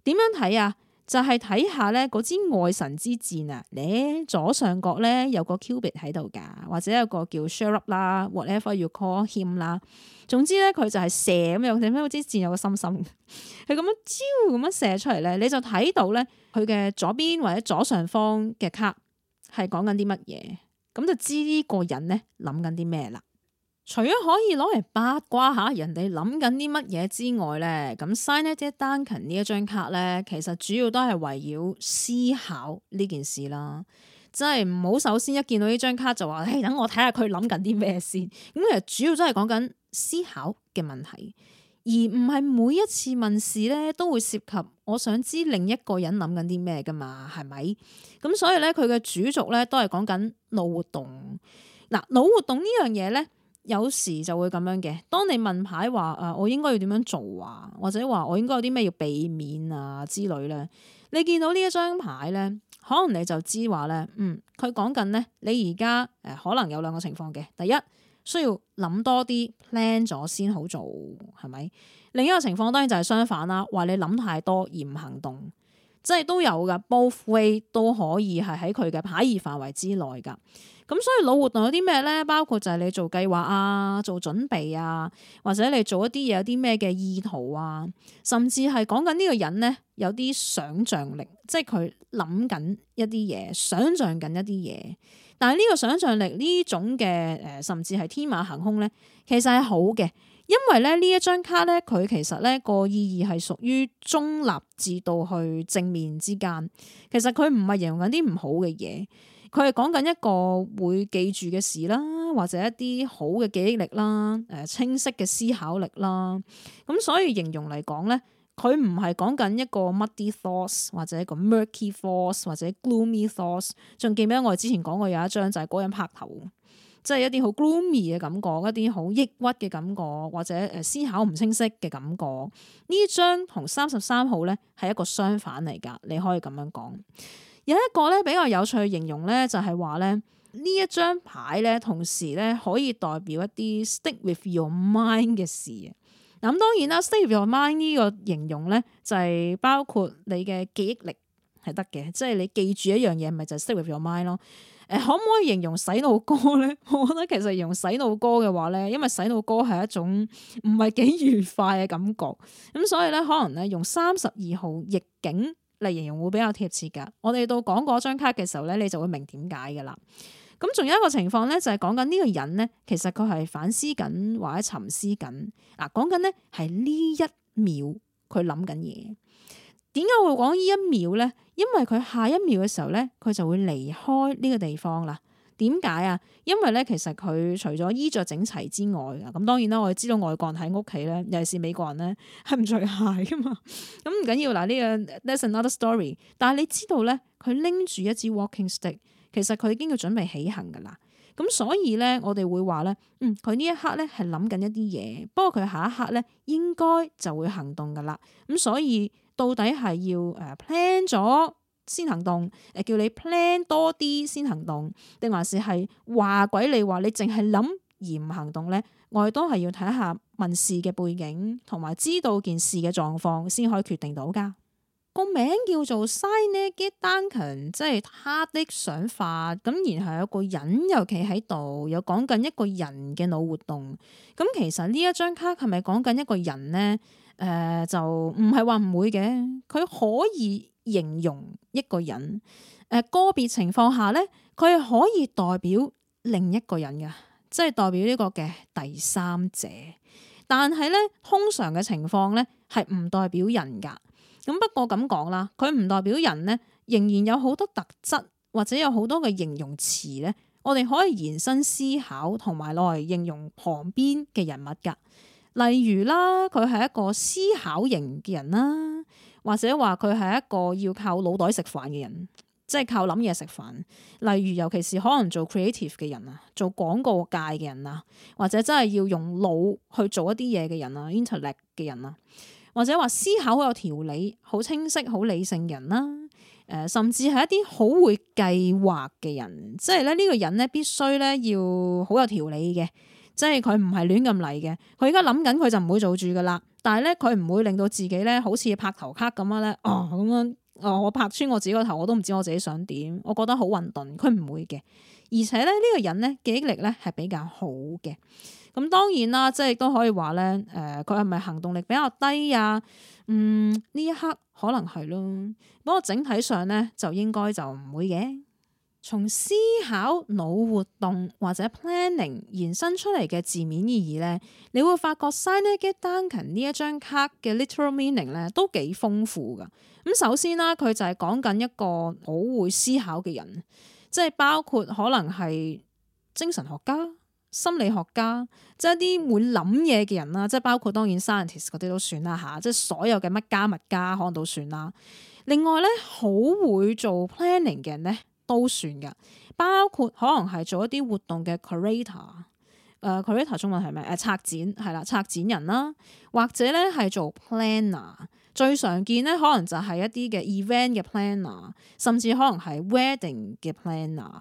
點樣睇啊？就係睇下咧支愛神之箭啊，你左上角咧有個 Cupid 喺度噶，或者有個叫 cherub 啦，whatever you call him 啦，總之咧佢就係射咁樣，點解好似箭有個心心，佢 咁樣招咁樣射出嚟咧，你就睇到咧佢嘅左邊或者左上方嘅卡係講緊啲乜嘢，咁就知呢個人咧諗緊啲咩啦。除咗可以攞嚟八卦下人哋諗緊啲乜嘢之外咧，咁 signator 丹琴呢一張卡咧，其實主要都係圍繞思考呢件事啦。即係唔好首先一見到呢張卡就話，誒、哎，等我睇下佢諗緊啲咩先。咁其實主要都係講緊思考嘅問題，而唔係每一次問事咧都會涉及我想知另一個人諗緊啲咩噶嘛，係咪？咁所以咧，佢嘅主軸咧都係講緊腦活動。嗱，腦活動呢樣嘢咧。有時就會咁樣嘅。當你問牌話誒，我應該要點樣做啊？或者話我應該有啲咩要避免啊之類咧，你見到呢一張牌咧，可能你就知話咧，嗯，佢講緊咧，你而家誒可能有兩個情況嘅。第一，需要諗多啲 plan 咗先好做，係咪？另一個情況當然就係相反啦，話你諗太多而唔行動。即係都有噶，both way 都可以係喺佢嘅牌二範圍之內噶。咁所以腦活動有啲咩咧？包括就係你做計劃啊，做準備啊，或者你做一啲嘢有啲咩嘅意圖啊，甚至係講緊呢個人咧，有啲想像力，即係佢諗緊一啲嘢，想像緊一啲嘢。但係呢個想像力呢種嘅誒，甚至係天馬行空咧，其實係好嘅。因為咧呢一張卡咧，佢其實咧個意義係屬於中立至到去正面之間。其實佢唔係形容緊啲唔好嘅嘢，佢係講緊一個會記住嘅事啦，或者一啲好嘅記憶力啦，誒、呃、清晰嘅思考力啦。咁、嗯、所以形容嚟講咧，佢唔係講緊一個 muddy thoughts 或者一個 murky thoughts 或者 gloomy thoughts。仲記唔記得我哋之前講過有一張就係嗰人拍頭？即係一啲好 gloomy 嘅感覺，一啲好抑鬱嘅感覺，或者誒思考唔清晰嘅感覺。呢張同三十三號咧係一個相反嚟㗎，你可以咁樣講。有一個咧比較有趣嘅形容咧，就係話咧呢一張牌咧，同時咧可以代表一啲 stick with your mind 嘅事。嗱咁當然啦，stick with your mind 呢個形容咧就係包括你嘅記憶力係得嘅，即係你記住一樣嘢，咪就係 stick with your mind 咯。誒可唔可以形容洗腦歌咧？我覺得其實用洗腦歌嘅話咧，因為洗腦歌係一種唔係幾愉快嘅感覺，咁所以咧可能咧用「三十二號逆境」嚟形容會比較貼切㗎。我哋到講嗰張卡嘅時候咧，你就會明點解㗎啦。咁仲有一個情況咧，就係講緊呢個人咧，其實佢係反思緊或者沉思緊。嗱，講緊咧係呢一秒佢諗緊嘢。點解會講呢一秒咧？因為佢下一秒嘅時候咧，佢就會離開呢個地方啦。點解啊？因為咧，其實佢除咗衣着整齊之外，咁當然啦，我哋知道外國人喺屋企咧，尤其是美國人咧，係唔除鞋噶嘛。咁、嗯、唔緊要嗱，呢、呢個 that's another story，但係你知道咧，佢拎住一支 walking stick，其實佢已經要準備起行噶啦。咁所以咧，我哋會話咧，嗯，佢呢、嗯、一刻咧係諗緊一啲嘢，不過佢下一刻咧應該就會行動噶啦。咁、嗯、所以。到底係要誒 plan 咗先行動，誒叫你 plan 多啲先行動，定還是係話鬼你話你淨係諗而唔行動咧？我哋都係要睇下問事嘅背景，同埋知道件事嘅狀況先可以決定到噶。個名叫做 Shaneget Duncan，即係他的想法。咁然後有個人又企喺度，有講緊一個人嘅腦活動。咁其實呢一張卡係咪講緊一個人呢？誒、呃、就唔係話唔會嘅，佢可以形容一個人。誒、呃、個別情況下咧，佢可以代表另一個人㗎，即係代表呢個嘅第三者。但係咧，通常嘅情況咧係唔代表人噶。咁不過咁講啦，佢唔代表人咧，仍然有好多特質或者有好多嘅形容詞咧，我哋可以延伸思考同埋攞嚟形容旁邊嘅人物㗎。例如啦，佢係一個思考型嘅人啦，或者話佢係一個要靠腦袋食飯嘅人，即係靠諗嘢食飯。例如，尤其是可能做 creative 嘅人啊，做廣告界嘅人啊，或者真係要用腦去做一啲嘢嘅人啊，intellect 嘅人啊，或者話思考好有條理、好清晰、好理性人啦，誒，甚至係一啲好會計劃嘅人，即係咧呢個人咧必須咧要好有條理嘅。即係佢唔係亂咁嚟嘅，佢而家諗緊佢就唔會做住噶啦。但係咧，佢唔會令到自己咧好似拍頭卡咁樣咧，哦，咁樣、哦，我拍穿我自己個頭，我都唔知我自己想點，我覺得好混沌。佢唔會嘅，而且咧呢、呢個人咧記憶力咧係比較好嘅。咁當然啦，即係都可以話咧，誒、呃，佢係咪行動力比較低啊？嗯，呢一刻可能係咯，不過整體上咧就應該就唔會嘅。從思考腦活動或者 planning 延伸出嚟嘅字面意義呢，你會發覺 significant 呢一張卡嘅 literal meaning 咧都幾豐富噶。咁首先啦，佢就係講緊一個好會思考嘅人，即係包括可能係精神學家、心理學家，即係一啲會諗嘢嘅人啦。即係包括當然 scientists 嗰啲都算啦，吓即係所有嘅乜加物家可能都算啦。另外呢，好會做 planning 嘅人呢。都算嘅，包括可能係做一啲活動嘅 curator，誒、呃、curator 中文係咩？誒、呃、策展係啦，策展人啦，或者咧係做 planner，最常見咧可能就係一啲嘅 event 嘅 planner，甚至可能係 wedding 嘅 planner。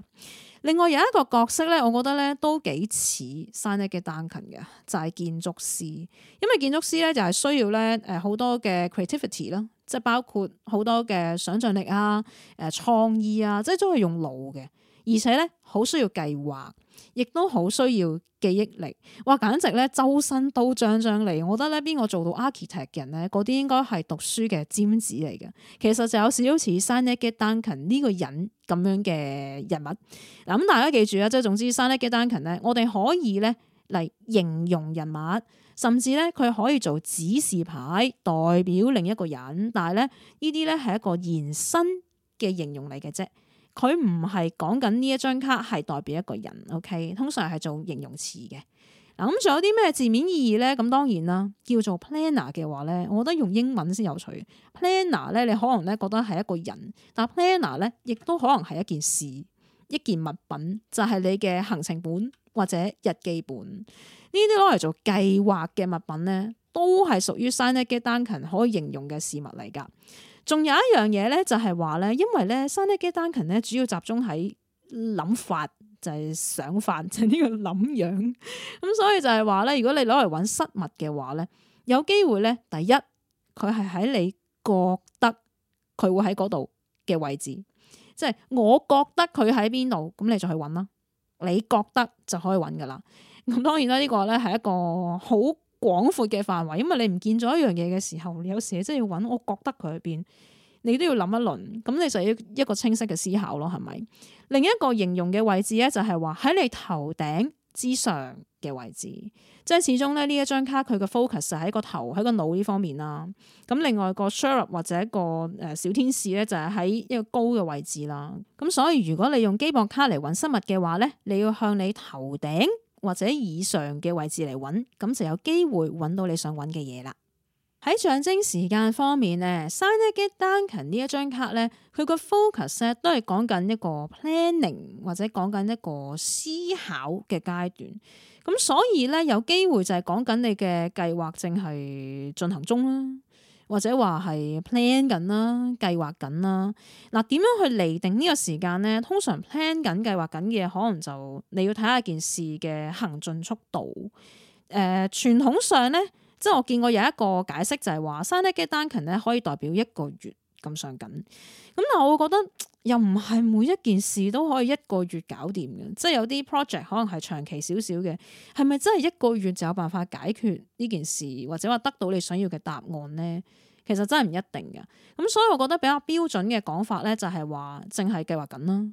另外有一個角色咧，我覺得咧都幾似 s n 一嘅丹勤嘅，就係建築師，因為建築師咧就係需要咧誒好多嘅 creativity 咯。即係包括好多嘅想象力啊、誒創意啊，即係都係用腦嘅，而且咧好需要計劃，亦都好需要記憶力。哇，簡直咧周身刀張張嚟。我覺得咧邊個做到 architect 嘅人咧，嗰啲應該係讀書嘅尖子嚟嘅。其實就有少少似 Shaneet G Danken 呢個人咁樣嘅人物。嗱咁大家記住啊，即係總之 Shaneet G Danken 咧，我哋可以咧嚟形容人物。甚至咧，佢可以做指示牌，代表另一個人。但係咧，呢啲咧係一個延伸嘅形容嚟嘅啫，佢唔係講緊呢一張卡係代表一個人。OK，通常係做形容詞嘅。嗱咁仲有啲咩字面意義咧？咁當然啦，叫做 planner 嘅話咧，我覺得用英文先有趣。planner 咧，你可能咧覺得係一個人，但 planner 咧亦都可能係一件事，一件物品，就係你嘅行程本或者日記本。呢啲攞嚟做計劃嘅物品咧，都係屬於 signet 嘅丹群可以形容嘅事物嚟噶。仲有一樣嘢咧，就係話咧，因為咧 signet 嘅丹群咧，主要集中喺諗法，就係想法，就呢、是就是、個諗樣。咁、 嗯、所以就係話咧，如果你攞嚟搵失物嘅話咧，有機會咧，第一佢係喺你覺得佢會喺嗰度嘅位置，即、就、係、是、我覺得佢喺邊度，咁你就去搵啦。你覺得就可以搵噶啦。咁當然啦，呢個咧係一個好廣闊嘅範圍，因為你唔見咗一樣嘢嘅時候，你有時真係要搵。我覺得佢喺邊，你都要諗一輪，咁你就要一個清晰嘅思考咯，係咪？另一個形容嘅位置咧，就係話喺你頭頂之上嘅位置，即係始終咧呢一張卡佢嘅 focus 就喺個頭喺個腦呢方面啦。咁另外個 seraph 或者一個誒小天使咧，就係喺一個高嘅位置啦。咁所以如果你用基博卡嚟搵失物嘅話咧，你要向你頭頂。或者以上嘅位置嚟揾，咁就有機會揾到你想揾嘅嘢啦。喺象徵時間方面呢 sign of the dragon 呢一張卡呢，佢個 focus 都係講緊一個 planning 或者講緊一個思考嘅階段。咁所以呢，有機會就係講緊你嘅計劃正係進行中啦。或者話係 plan 緊啦，計劃緊啦。嗱，點樣去釐定呢個時間呢？通常 plan 緊，計劃緊嘅，可能就你要睇下件事嘅行進速度。誒、呃，傳統上呢，即係我見過有一個解釋就係話，三隻雞蛋群呢可以代表一個月。咁上緊，咁但係我會覺得又唔係每一件事都可以一個月搞掂嘅，即係有啲 project 可能係長期少少嘅，係咪真係一個月就有辦法解決呢件事，或者話得到你想要嘅答案咧？其實真係唔一定㗎。咁所以我覺得比較標準嘅講法咧，就係話淨係計劃緊啦，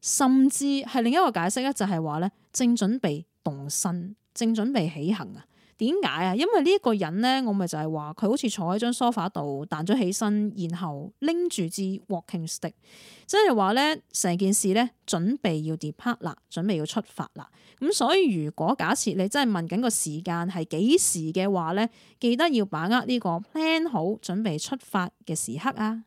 甚至係另一個解釋咧，就係話咧正準備動身，正準備起行啊！點解啊？因為呢一個人咧，我咪就係話佢好似坐喺張梳化度彈咗起身，然後拎住支 walking stick，即係話咧成件事咧準備要 depart 啦，準備要出發啦。咁所以如果假設你真係問緊個時間係幾時嘅話咧，記得要把握呢個 plan 好準備出發嘅時刻啊！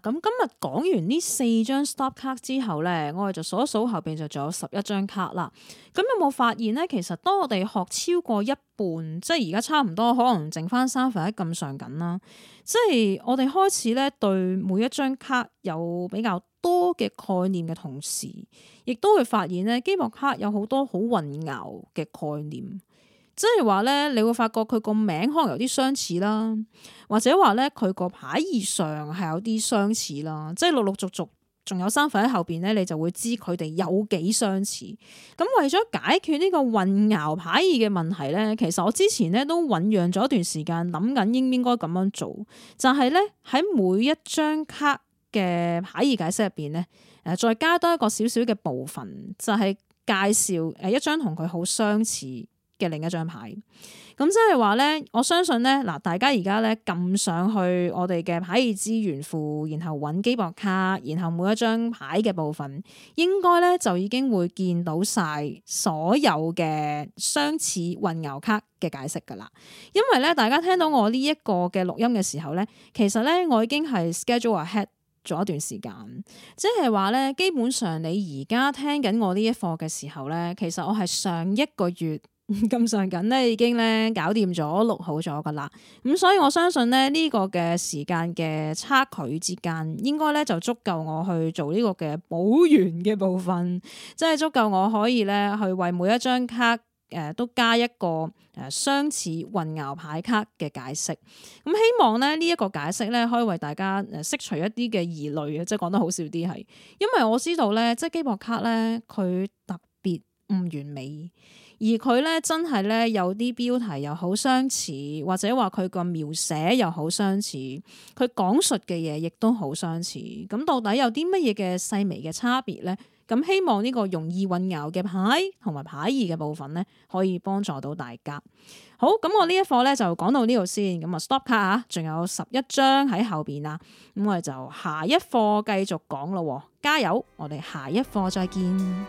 咁今日講完呢四張 stop 卡之後咧，我哋就數一數後邊就仲有十一張卡啦。咁有冇發現咧？其實當我哋學超過一半，即係而家差唔多，可能剩翻，三分一咁上緊啦。即係我哋開始咧對每一張卡有比較多嘅概念嘅同時，亦都會發現咧，基木卡有好多好混淆嘅概念。即係話咧，你會發覺佢個名可能有啲相似啦，或者話咧，佢個牌意上係有啲相似啦。即係陸陸續續仲有三份喺後邊咧，你就會知佢哋有幾相似。咁為咗解決呢個混淆牌意嘅問題咧，其實我之前咧都醞釀咗一段時間，諗緊應唔應該咁樣做，就係咧喺每一張卡嘅牌意解釋入邊咧，誒再加多一個少少嘅部分，就係介紹誒一張同佢好相似嘅另一張牌，咁即係話咧，我相信咧嗱，大家而家咧撳上去我哋嘅牌義資源庫，然後揾基博卡，然後每一張牌嘅部分應該咧就已經會見到晒所有嘅相似混淆卡嘅解釋㗎喇。因為咧，大家聽到我呢一個嘅錄音嘅時候咧，其實咧我已經係 schedule ahead 咗一段時間，即係話咧基本上你而家聽緊我呢一課嘅時候咧，其實我係上一個月。咁上緊咧，已經咧搞掂咗錄好咗噶啦。咁所以我相信咧呢個嘅時間嘅差距之間，應該咧就足夠我去做呢個嘅補完嘅部分，即係足夠我可以咧去為每一張卡誒、呃、都加一個誒相似混淆牌卡嘅解釋。咁希望咧呢一個解釋咧可以為大家誒釋除一啲嘅疑慮，即係講得好少啲係，因為我知道咧即係機博卡咧佢特別唔完美。而佢咧真係咧有啲標題又好相似，或者話佢個描寫又好相似，佢講述嘅嘢，亦都好相似。咁到底有啲乜嘢嘅細微嘅差別呢？咁希望呢個容易混淆嘅牌同埋牌意嘅部分呢，可以幫助到大家。好，咁我呢一課呢就講到呢度先。咁啊，stop 卡啊，仲有十一張喺後邊啦。咁我哋就下一課繼續講咯。加油，我哋下一課再見。